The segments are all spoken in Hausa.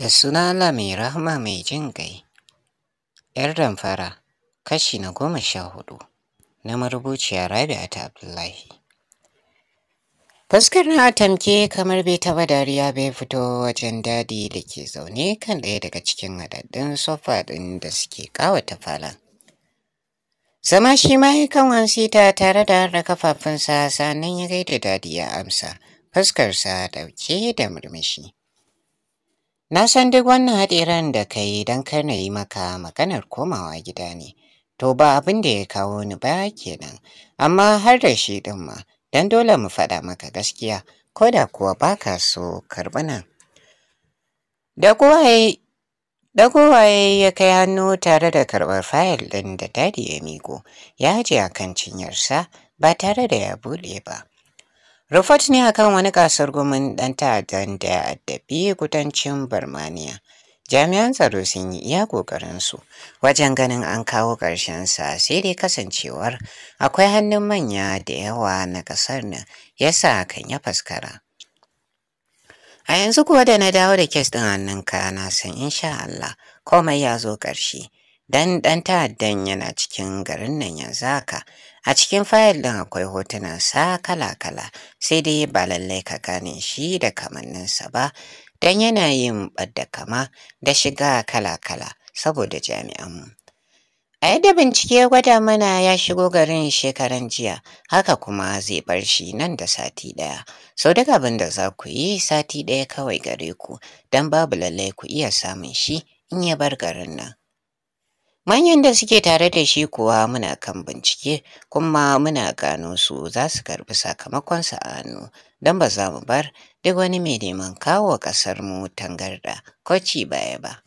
Da suna la mai rahama mai jin gai. ‘Yar damfara, kashi na goma sha hudu na marubuciya ta Abdullahi. Fuskar na tamke kamar bai taba dariya bai fito wajen dadi da ke zaune kan ɗaya daga cikin haɗaɗɗun sofa ɗin da suke ƙawata falon. Zama shi ma ya kan wansi ta tare da harda kafafunsa sannan ya gaida dadi ya amsa, fuskarsa ɗauke da murmushi. Na san duk wannan haɗeran da ka yi don kar na yi maka maganar komawa gida ne, to ba abin da ya kawo ni ba kenan, amma har da shi ɗin ma, don dole mu faɗa maka gaskiya, ko da kuwa ba ka so karɓi Da Dagowaye ya kai hannu tare da karɓar fayil ɗin da dadi ya miko, ya ajiye a kan cinyarsa ba tare da ya buɗe ba. Rufat ne akan wani kasar gomin ɗan ta'addan da ya addabi kudancin Birmaniya. Jami'an tsaro sun yi iya ƙoƙarinsu wajen ganin an kawo sa, sai dai kasancewar akwai hannun manya da yawa na ƙasar nan yasa kan ya faskara. A yanzu kuwa da na dawo da kes ɗin hannunka na san insha Allah komai ya zo ƙarshe. Dan ɗan ta'addan yana cikin garin nan yanzu haka A cikin fayil ɗin akwai hotunan sa kala-kala sai dai ba lallai ka gane shi da kamanninsa ba don yana yin ɓadda kama da shiga kala-kala saboda jami'anmu. A yadda bincike ya gwada mana ya shigo garin shekaran jiya, haka kuma zai bar shi nan da sati ɗaya. Sau daga abin da za ku yi sati ɗaya kawai gare ku, don babu lallai ku iya samun shi in ya bar garin nan. Manyan da suke tare da shi kuwa muna kan bincike kuma muna gano su za su karbi sakamakon a hannu don ba za mu bar duk wani mai neman kawo ƙasarmu tangarda ko ci baya ba.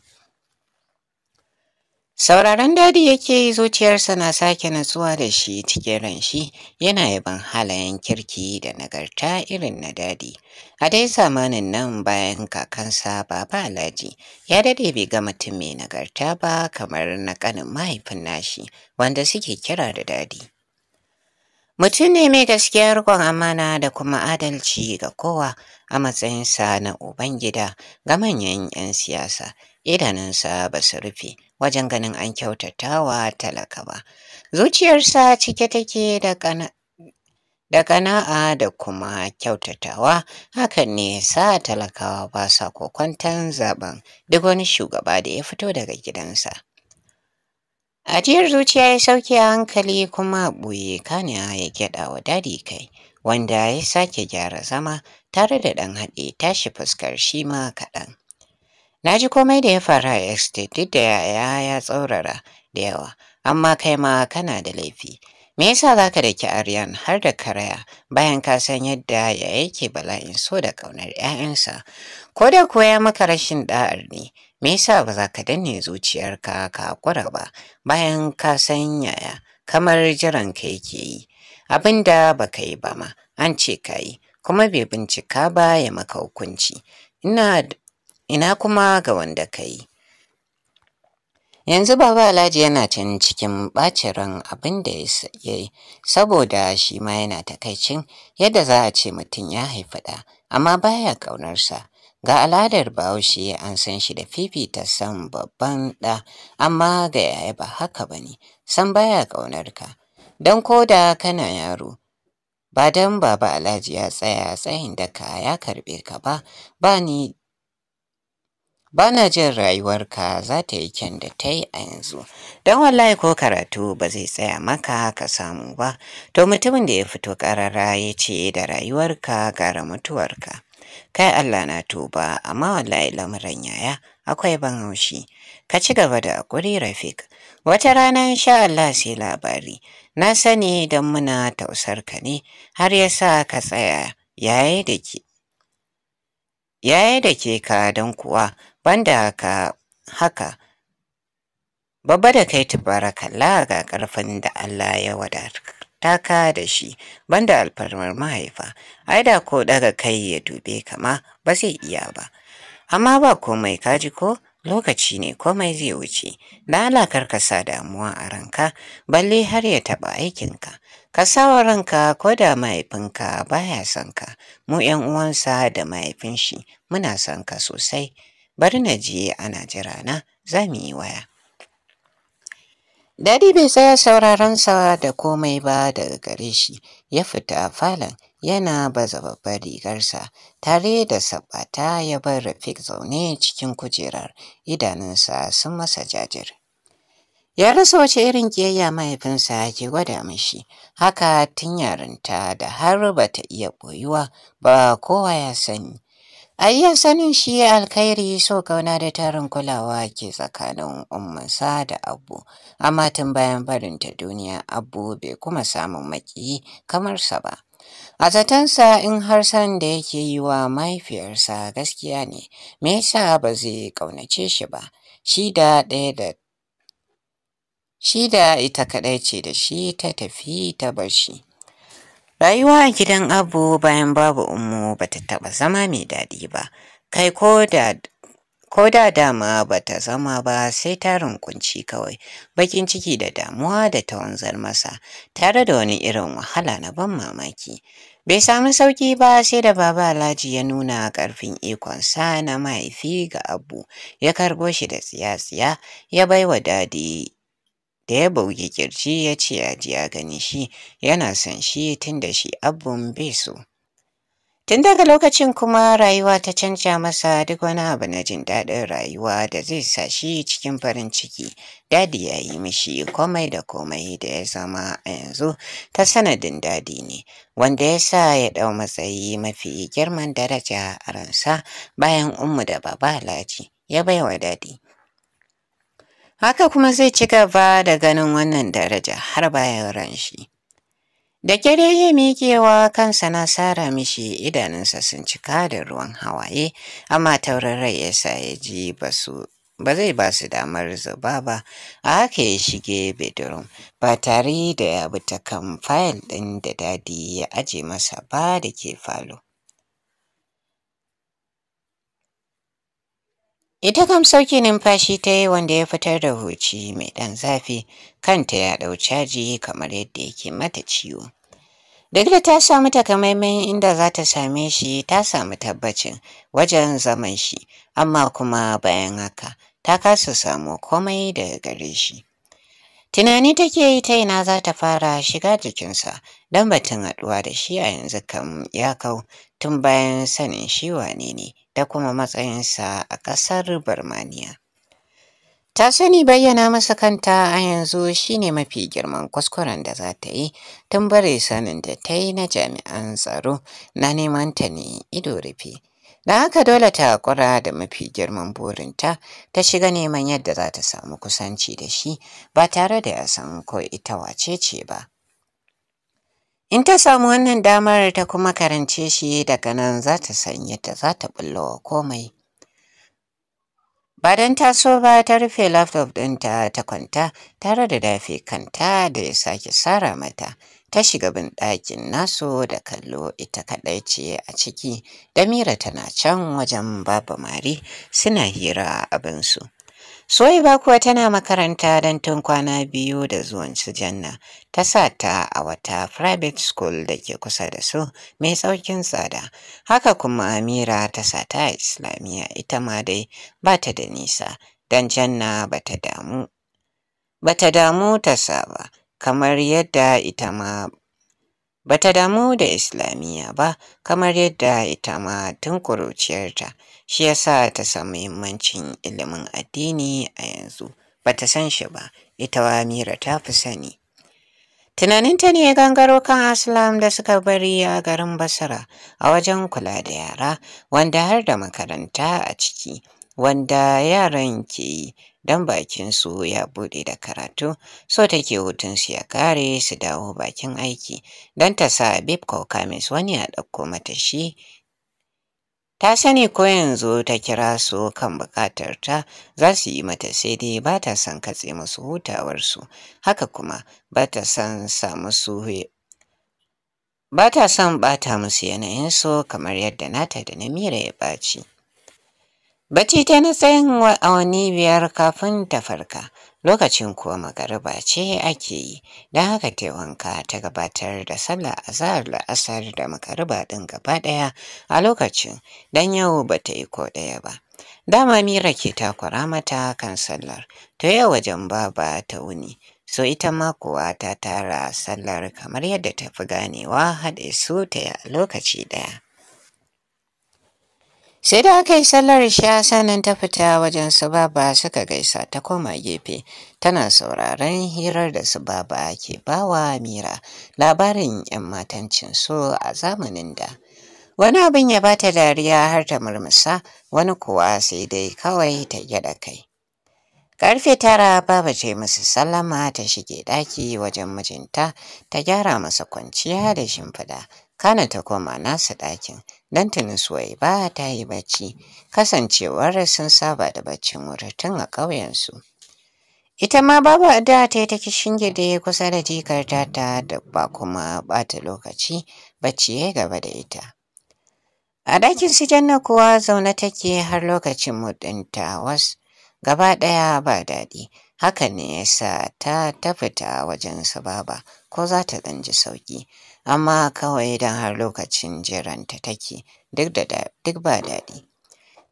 Sauraron dadi yake yi zuciyarsa na sake natsuwa da shi cikin shi yana yaban halayen kirki da nagarta irin na dadi. A dai zamanin nan bayan kakansa Baba Alhaji ya dade bai ga mutum mai nagarta ba kamar na kanin mahaifin nashi wanda suke kira da dadi. Mutum ne mai gaskiya riƙon amana da kuma adalci ga kowa a matsayinsa na Ubangida ga manyan 'yan siyasa, idanunsa ba su rufe wajen ganin an kyautata wa talaka ba. Zuciyarsa cike take da da kana'a da kuma kyautatawa hakan ne sa talakawa ba sa kokwantan zaben duk wani shugaba da ya fito daga gidansa. Ajiyar zuciya ya sauke a hankali kuma ɓuye kana ya gyaɗa wa dadi kai wanda ya sake gyara zama tare da ɗan haɗe tashi fuskar shi ma kaɗan. Na ji komai da ya faru a estate duk da yaya ya tsaurara da yawa, amma kai ma kana da laifi. Me yasa za ka daki Aryan har da karaya bayan ka san yadda ya yake bala'in so da ƙaunar ‘ya'yansa? Ko da kuwa ya maka rashin ɗa'ar ne, me yasa ba za ka danne zuciyarka ka haƙura ba bayan ka san yaya kamar jiran ka yake yi? Abin da ba yi ba ma, an ce ka yi, kuma bai bincika ba ya maka hukunci. Ina ina kuma ga wanda ka yi. Yanzu Baba Alhaji yana can cikin ɓacin ran abin da ya yi, saboda shi ma yana takaicin yadda za a ce mutum ya haifi ɗa, amma baya ƙaunarsa. Ga al'adar Bahaushe an san shi da fifita san babban ɗa, amma ga yaya ba haka ba ne, san baya ka. Don ko da kana yaro, ba don Baba Alhaji ya tsaya tsayin da ka ya karɓe ka ba, ba ni ba na jin rayuwarka za ta yi kyan da ta yi a yanzu don wallahi ko karatu ba zai tsaya maka ka samu ba to mutumin da ya fito karara ya ce da rayuwarka gara mutuwarka kai Allah na tuba amma wallahi lamuran yaya akwai ban haushi ka ci gaba da hakuri Rafik wata rana sha Allah sai labari na sani don muna tausar ka ne har ya sa ka tsaya yaye da yaye da ke ka don kuwa banda haka haka babba da kai tubarakallah ga karfin da Allah ya wadata ka da shi banda alfarmar mahaifa aida ko daga kai ya dube kama ba zai iya ba amma ba komai ka ji ko lokaci ne komai zai wuce da alakar ka sa damuwa a ranka balle har ya taba aikinka ka sawa ranka ko da mahaifinka baya son ka mu yan uwansa da mahaifin shi muna son ka sosai bari na je ana jira na za mu yi waya. Dadi bai tsaya sauraron sa da komai ba daga gare shi ya fita falon yana baza babbar rigarsa tare da sabbata ya bar Rafiq zaune cikin kujerar idanunsa sun masa jajir. Ya rasa wace irin kiyayya mahaifinsa ke gwada mishi, haka tun yarinta da har ba ta iya boyuwa ba kowa ya sani, A sanin shi alkhairi so kauna da tarin kulawa ke tsakanin ummansa da abu, amma tun bayan barin ta duniya abu bai kuma samun maki kamar sa ba. A zatansa in har san da yake yi wa mahaifiyarsa gaskiya ne, me yasa ba zai ƙaunace shi ba, shi da ɗaya da shi da ita kaɗai ce da shi ta tafi ta bar shi. Rayuwa a gidan Abu bayan babu Ummu bata taba zama mai daɗi ba, kai ko da ko da dama bata zama ba sai tarin kunci kawai bakin ciki da damuwa da ta masa tare da wani irin wahala na ban mamaki bai sami sauki ba sai da baba alhaji ya nuna ƙarfin ikonsa na mahaifi ga abu ya karbo shi da tsiya-tsiya ya baiwa dadi da ya bugi kirji ya ce ya ji gani shi yana son shi tun da shi abun bai so. Tun daga lokacin kuma rayuwa ta canja masa duk wani abu na jin daɗin rayuwa da zai sa shi cikin farin ciki. Dadi ya yi mishi komai da komai da ya zama a yanzu ta sanadin dadi ne, wanda ya sa ya ɗau matsayi mafi girman daraja a ransa bayan ummu da baba Laji ya baiwa dadi. haka kuma zai ci gaba da ganin wannan daraja har bayan ran shi. Da kyare ya miƙewa kansa na sara mishi idanunsa sun cika da ruwan hawaye, amma taurin rai ya sa ya ji ba zai ba su damar zuba ba a haka ya shige bedroom ba tare da ya bi ta kan fayil ɗin da dadi ya aje masa ba da ke falo Ita kam sauki numfashi ta yi wanda ya fitar da huci mai ɗan zafi, kanta ya ɗau caji kamar yadda yake mata ciwo. Duk da ta samu takamaiman inda za ta same shi ta samu tabbacin wajen zaman shi, amma kuma bayan haka ta kasa samu komai daga gare shi. Tunani take yi ta ina za ta fara shiga jikinsa don batun haɗuwa da shi a yanzu kam ya kau tun bayan sanin shi wane ne da kuma matsayinsa a ƙasar Birmaniya. Ta sani bayyana masa kanta a yanzu shine mafi girman kuskuren da za ta yi tun bare sanin da ta yi na jami'an tsaro na neman ta ne ido rufe. Da haka dole ta kura da mafi girman burinta ta shiga neman yadda za ta samu kusanci da shi ba tare da ya san ko ita wace ce ba. In ta samu wannan damar ta kuma karance shi daga nan za ta san yadda za ta wa komai. Ba don so ba ta rufe laptop ɗinta ta kwanta tare da dafe kanta da ya sake sara mata. Ta shiga bin ɗakin nasu da kallo ita kaɗai ce a ciki. Damira tana can wajen Baba Mari suna hira abinsu. Suwaiba kuwa tana makaranta don tun kwana biyu da zuwan su Janna, ta sa ta a wata private school da ke kusa da su mai tsaukin tsada. Haka kuma Amira ta sa ta Islamiyya ita ma dai ba ta da nisa, don Janna ba ta damu. ta damu sa kamar yadda ita ma ba ta damu da Islamiyya ba, kamar yadda ita ma tun kuruciyarta. shi yasa ta san muhimmancin ilimin addini a yanzu bata san shi ba ita wa Amira ta fi sani tunaninta ne ya gangaro kan aslam da suka bari a garin basra a wajen kula da yara wanda har da makaranta a ciki wanda yaran ke yi don bakin su ya bude da karatu so take su ya kare su dawo bakin aiki don ta sa bib kamis wani ya ɗauko mata shi ta sani ko yanzu ta kira su kan bukatar ta za su yi mata sai dai ba ta son katse musu hutawarsu haka kuma ba ta son sa musu ba ta son bata musu yanayinsu kamar yadda nata da na mira ya ɓaci. Bacci ta na tsayin awanni biyar kafin ta farka, lokacin kuwa magariba ce ake yi don haka ta wanka ta gabatar da sallah azahar la'asar da magariba ɗin gaba ɗaya a lokacin don yau ba ta yi ko ɗaya ba dama mira ke takura mata kan sallar to yau wajen baba ta wuni so ita ma kuwa ta tara sallar kamar yadda ta fi ganewa haɗe su ta lokaci ɗaya sai da aka yi sallar sha sannan ta fita wajen su baba suka gaisa ta koma gefe tana sauraron hirar da su baba ke bawa mira labarin 'yan matancin su a zamanin da wani abin ya bata dariya har ta murmusa wani kuwa sai dai kawai ta gyada kai Karfe tara baba ce musu sallama ta shige daki wajen mijinta ta gyara masa kwanciya da shimfiɗa kana ta koma nasa ɗakin don tuni suwai ba ta yi bacci kasancewar sun saba da baccin wuri tun a ƙauyensu. Ita ma babu da ta yi ta gida kusa da jikarta ta da ba kuma ɓata lokaci bacci ya gaba da ita. A ɗakin su janna kuwa zaune take har lokacin mudinta was gaba ɗaya ba daɗi haka ne ya sa ta tafita fita wajen su baba ko za ta ɗan ji sauƙi. amma kawai don har lokacin jiranta take duk ba daɗi.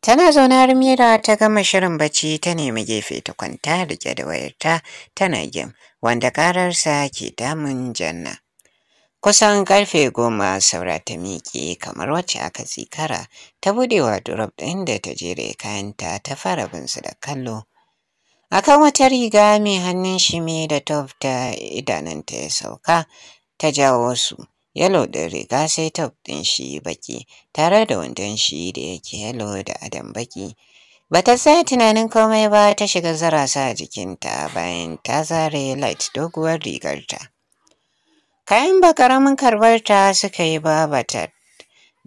Tana zaune har Mira ta gama shirin bacci ta nemi gefe ta kwanta rike da wayarta tana gem wanda ƙararsa ke damun janna. Kusan karfe goma saura ta miƙe kamar wacce aka tsikara ta buɗewa durob ɗin da ta jere kayanta ta fara bin su da kallo. Akan wata riga mai hannun shime da tof da idananta ya sauka ta jawo su. Yalo ɗin riga sai ta ɗin shi baki tare da wandon shi da yake yalo da adam baki. Bata sa tunanin komai ba ta shiga zarasa a jikinta bayan ta zare light doguwar rigarta. Kayan bakaramin karamin karbarta suka yi ba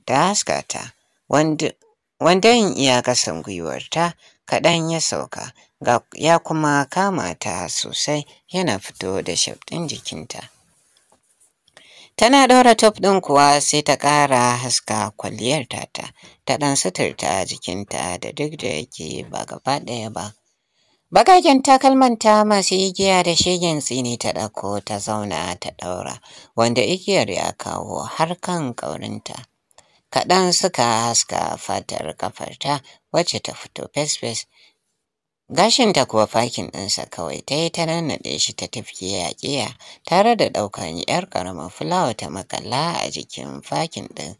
da haskata, wandon iya kasan gwiwarta kaɗan ya sauka ya kuma kama ta sosai yana fito da shaf jikinta. Tana ɗaura top ɗin kuwa sai ta ƙara haska kwalliyar tata, ta ɗan suturta jikinta da duk da yake ba gaba ɗaya ba. Bagagen takalmanta masu igiya da shegen tsini ta ɗauko ta zauna ta ɗaura, wanda igiyar ya kawo har kan ƙaurinta. Kaɗan suka haska fatar kafarta wacce ta fito fes-fes Gashinta kuwa fakin ɗinsa kawai ta yi ta nannaɗe shi ta tafkiya yaƙiya tare da ɗaukan ‘yar ƙaramin fulawa ta makalla a jikin fakin ɗin.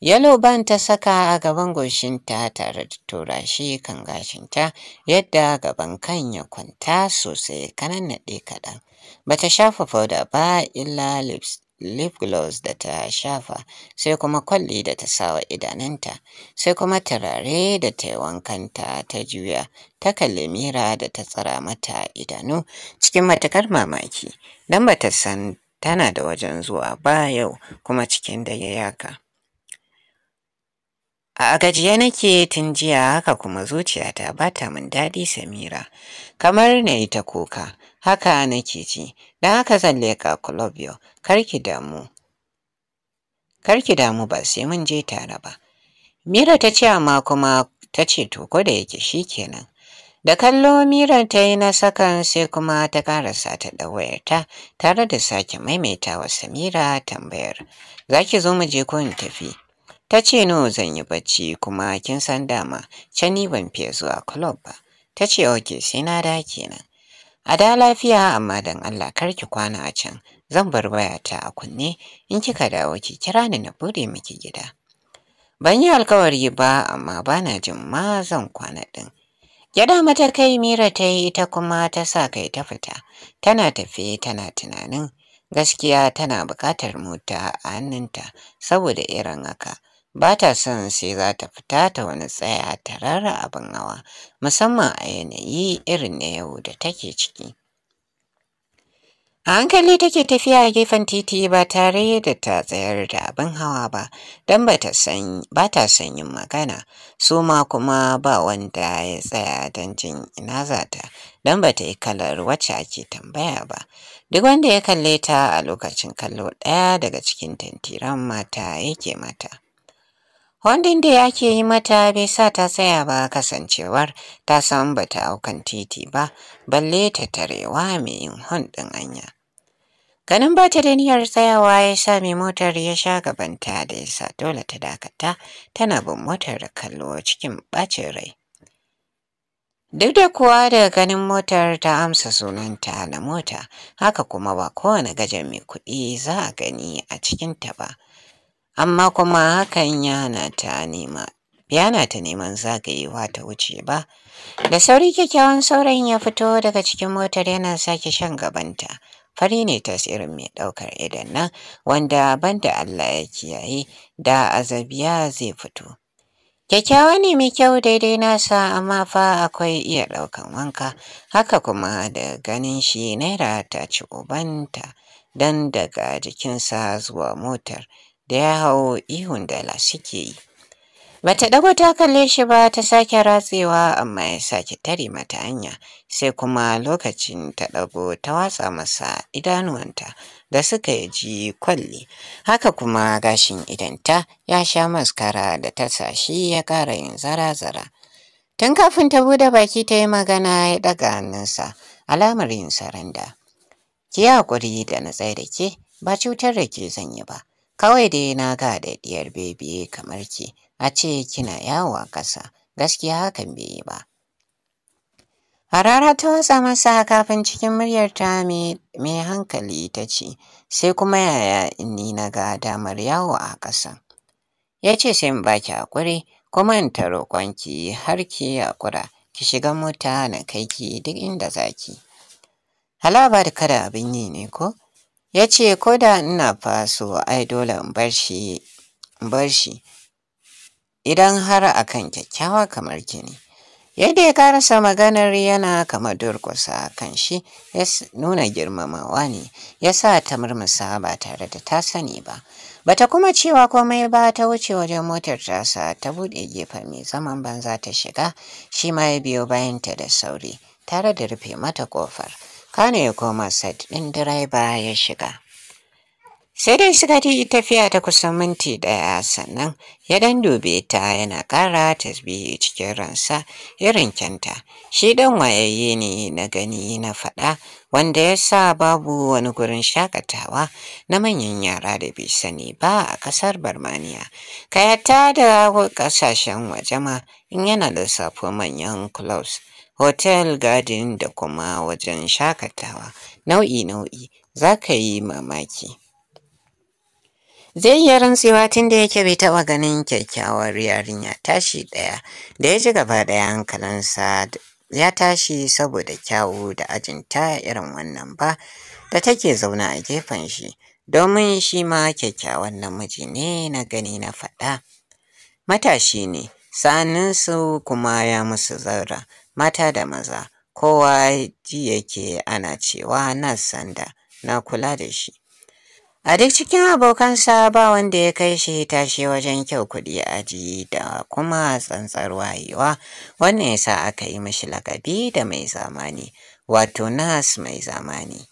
Yalo ban ta saka a gaban goshinta tare da tura shi kan gashinta yadda gaban kan ya kwanta sosai ka nannaɗe kaɗan. Bata shafa fauda ba illa lips lip gloss da ta shafa, sai kuma kwalli da ta sawa idananta, sai kuma turare da ta wankanta ta juya, ta kalli mira da ta tsara mata idanu cikin matukar mamaki, don ba ta san tana da wajen zuwa ba yau kuma cikin da ya yaka. A gajiya nake tun jiya haka kuma zuciyata ba ta min daɗi Samira, kamar na yi ta kuka, haka nake ji, don haka zan leƙa Kulobio, karki damu. damu ba sai mun je tare ba. Mira ta ce amma kuma ta ce to ko da yake shi kenan. Da kallo Mira ta yi na sakan sai kuma ta karasa ta ɗawayarta tare da sake wa Samira tambayar. Za ki zo mu je ko in tafi? Ta ce no zan yi bacci kuma kin san dama can ni ban fiye zuwa club ba. Ta ce oke sai na da kenan. A da lafiya amma dan Allah kar ki kwana a can. Zan bar wayata a kunne in kika dawo ki kira ni na bude miki gida. Ban yi alkawari ba amma bana jin ma zan kwana din. Gyada mata kai Mira ta yi ita kuma ta sa kai ta fita. Tana tafe tana tunanin gaskiya tana buƙatar mota a hannunta saboda irin haka ba ta son sai za ta fita ta wani tsaya ta rara abin hawa musamman a yanayi irin na yau da take ciki. A hankali take tafiya a gefen titi ba tare da ta tsayar da abin hawa ba, don ba ta son yin magana, su ma kuma ba wanda ya tsaya don jin ina zata, don ba ta yi kalar wacce ake tambaya ba. Duk wanda ya kalle ta a lokacin kallo ɗaya daga cikin tantiran mata yake mata. Wandin da yake yi mata bai sa ta tsaya ba kasancewar ta san ba ta aukan titi ba, balle ta tarewa mai yin ɗin anya. Ganin ba ta da niyyar tsayawa ya sa mai motar ya sha gabanta da ya sa dole ta dakata tana bin motar kallo cikin ɓacin rai. Duk da kuwa da ganin motar ta amsa sunanta na mota, haka kuma ba kowane gajen mai kuɗi za a gani a cikinta ba, amma kuma hakan ya ta nema yana ta neman zagayewa ta wuce ba da sauri kyakkyawan sauran ya fito daga cikin motar yana sake shan gabanta fari ne tasirin mai ɗaukar idan nan wanda banda Allah ya kiyaye da azabiya zai fito kyakkyawa ne mai kyau daidai nasa amma fa akwai iya ɗaukan wanka haka kuma da ganin shi naira ta ci ubanta dan daga jikinsa zuwa motar da ya hau ihun dala suke yi. Bata ɗago ta kalle shi ba ta sake ratsewa amma ya sake tare mata hanya sai kuma lokacin ta dago ta watsa masa idanuwanta da suka yi ji kwalli haka kuma gashin idanta ya sha maskara da ta sa shi ya ƙara yin zara-zara. Tun kafin ta bude baki ta yi magana ya ɗaga hannunsa alamar yin saranda. Ki haƙuri da na tsaye da ke ba cutar da ke zan yi ba. Kawai dai na ga daɗiyar bebi kamar ki, a ce kina yawo a ƙasa, gaskiya hakan bai yi ba. rara ta watsa masa kafin cikin muryarta mai hankali ta ce, sai kuma yaya ni na ga damar yawo a ƙasa. Ya ce sai in baki haƙuri, kuma in ta roƙonki har ki haƙura, ki shiga mota na kai ki duk inda zaki. Halaba da kada abin yi ne ko? ya ce ko da ina faso ai dole in bar shi idan har a kan kyakkyawa kamar kini yadda ya karasa maganar yana kama durkusa kan shi ya nuna girmamawa ne ya sa ta murmusa ba tare da ta sani ba bata kuma cewa komai ba ta wuce wajen motar tasa ta buɗe gefen mai zaman banza ta shiga shi ma ya biyo bayanta da sauri tare da rufe mata ƙofar. Kano ya koma set ɗin direba ya shiga. Sai dai suka ji tafiya ta kusan minti ɗaya sannan ya dan dube ta yana ƙara tasbihi cikin ransa irin kyanta. Shi ɗan wayayye ne na gani na faɗa wanda ya sa babu wani gurin shakatawa na manyan yara da bai sani ba a ƙasar Barmaniya. Kayata da ƙasashen waje ma in yana da safo manyan clubs. hotel garden da kuma wajen shakatawa nau'i-nau'i za ka yi mamaki. Zai iya tun da yake bai taɓa ganin kyakkyawar yarinya tashi ɗaya da ya ji gaba ɗaya hankalinsa ya tashi saboda kyawu da ajinta irin wannan ba da take zaune a gefen shi domin shi ma kyakkyawan namiji ne na gani na faɗa. Matashi ne, su kuma ya musu zarra mata da maza kowa ji yake ana cewa na sanda na kula da shi a duk cikin abokansa ba wanda ya kai shi tashi wajen kyau kuɗi aji da kuma tsantsar wayewa wannan yasa aka yi mashi lakabi da mai zamani wato nas mai zamani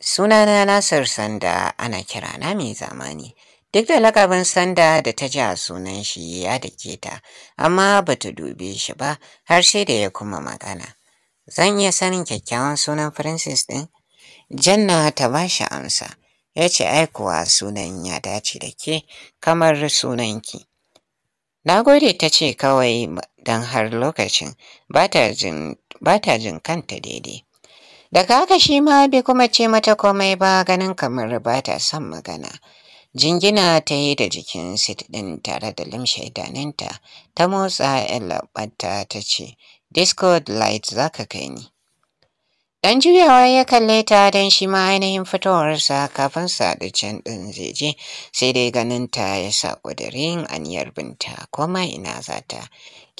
sunana nasar sanda ana kirana mai zamani duk da lakabin sanda da ta ji a sunan shi ya dake ta amma ba ta dube shi ba har sai da ya kuma magana zan iya sanin kyakkyawan sunan francis ɗin janna ta ba shi amsa ya ce aikuwa sunan ya dace da ke kamar sunanki na gode ta ce kawai don har lokacin ba ta jin kanta daidai daga haka shi ma bai kuma ce mata komai ba ganin kamar ba ta son magana jingina ta yi da jikin sit ɗin tare da limshe idanunta ta motsa yan labarta ta ce discord light za ka kai ni Ɗan juyawa ya kalle ta don shi ma ainihin fitowarsa kafin da can ɗin zai je sai dai ganin ta ya sa ƙudurin aniyar binta kuma ina za ta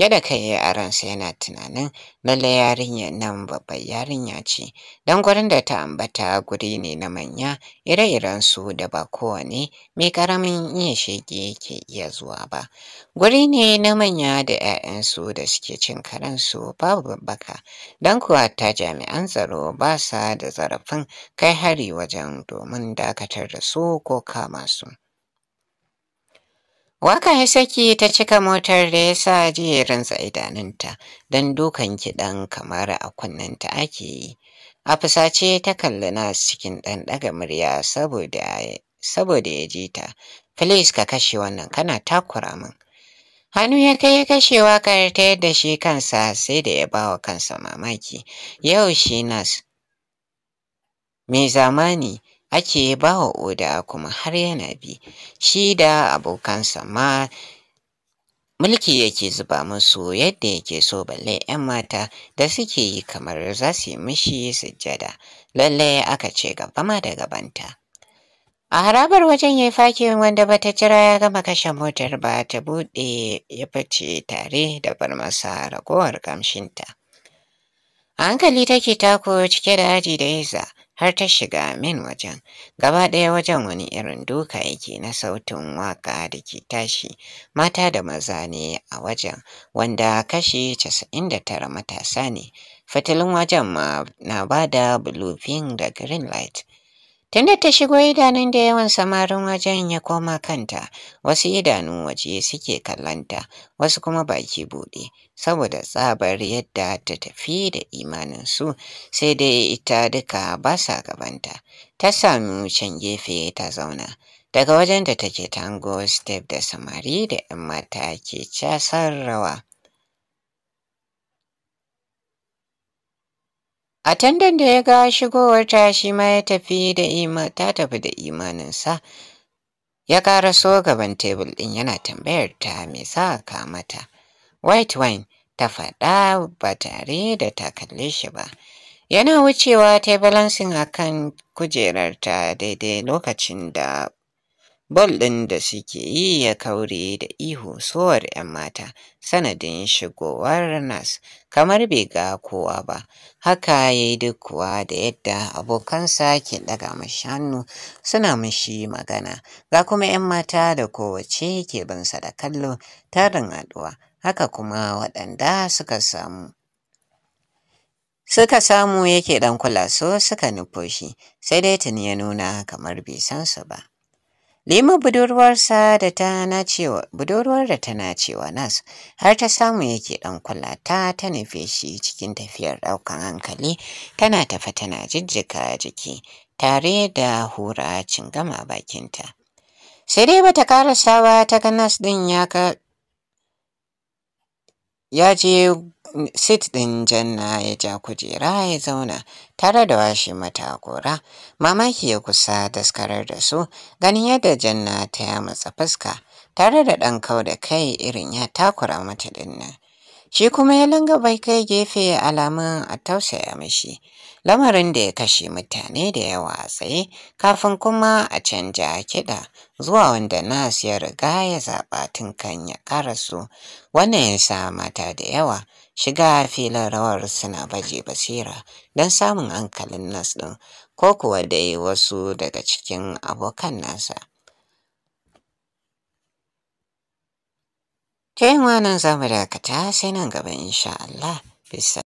Gyada kai ya yi a ransa yana tunanin lalle yarinya nan babbar yarinya ce, don gurin da ta ambata guri ne na manya ire-iren su da ba kowane mai karamin iya shege yake iya zuwa ba. Guri ne na manya da 'ya'yansu da suke cin karansu babu babbaka, don kuwa ta jami'an tsaro ba sa da zarafin kai hari wajen domin dakatar da su ko kama su. Waka ya saki ta cika motar da ya sa jerin idanunta don dukan kiɗan kamar a kunnen ta ake yi. A fusace ta kalli na cikin ɗan ɗaga murya saboda ya ji ta. Please ka kashe wannan kana takura min. Hannu ya kai kashe wakar ta yadda shi kansa sai da ya bawa kansa mamaki. Yau shi nas. mai zamani ake ba wa oda kuma har yana bi shi da abokansa ma mulki yake zuba musu yadda yake so balle 'yan mata da suke yi kamar za su yi mishi sujjada lalle aka ce gaba ma da gabanta a harabar wajen ya yi fakin wanda bata jira ya gama kashe motar ba ta buɗe ya fice tare da barmasa ragowar kamshinta a hankali take tako cike da aji da yaza. har ta shiga min wajen. Gaba ɗaya wajen wani irin duka yake na sautin waƙa da ke tashi, mata da maza ne a wajen, wanda kashi casa'in da tara matasa ne. Fitilun wajen ma na ba da blue pink da green light. Tunda ta shigo idanun da yawan samarin wajen ya koma kanta, wasu idanun waje suke kallanta, wasu kuma baki buɗe, saboda tsabar yadda ta tafi da imaninsu sai dai ita duka ba sa gabanta. Ta sami can gefe ta zauna. Daga wajen da take tango step da samari da ‘yan mata ke casar rawa. a tandan da ya ga shigowarta shi ma ya tafi da ima ta tafi da imaninsa ya so gaban tebul ɗin yana tambayar ta me sa ka mata white wine ta faɗa ba tare da ta kalle shi ba yana wucewa ta akan kujerarta daidai lokacin da Bol ɗin da suke yi ya kauri da ihu sowar 'yan mata sanadin shigowar nas kamar bai ga kowa ba. Haka ya yi duk kuwa da yadda abokansa ke ɗaga mashi hannu suna mashi magana. Ga kuma 'yan mata da kowace ke bansa da kallo tarin haɗuwa. Haka kuma waɗanda suka samu. Suka samu yake ɗan kula so suka nufo shi, sai dai tuni ya nuna kamar bai san su ba. Lima budurwarsa da ta nacewa, budurwar da ta nacewa nas, har ta samu yake ɗan kula ta ta nufe shi cikin tafiyar ɗaukan hankali, tana tafa tana jijjika jiki, tare da hura cingama bakinta. Sai dai bata karasa ba ta ga nas ɗin ya ka ya je sit ɗin janna ya ja kujera ya zauna tare da washe mata gora mamaki ya kusa daskarar da su ganin yadda janna ta ya matsa fuska tare da ɗan kau da kai irin ya takura mata dinnan shi kuma ya langa bai kai gefe alamun a tausaya mashi lamarin da ya kashe mutane da yawa a tsaye kafin kuma a canja kiɗa zuwa wanda nas ya riga ya zaɓa tun kan ya ƙarasu wannan ya sa mata da yawa shiga filin rawar suna baje basira don samun hankalin nas ɗin ko kuwa dai wasu daga cikin abokan nasa. Ta yin wannan zamu dakata sai nan gaba insha Allah. Bisa.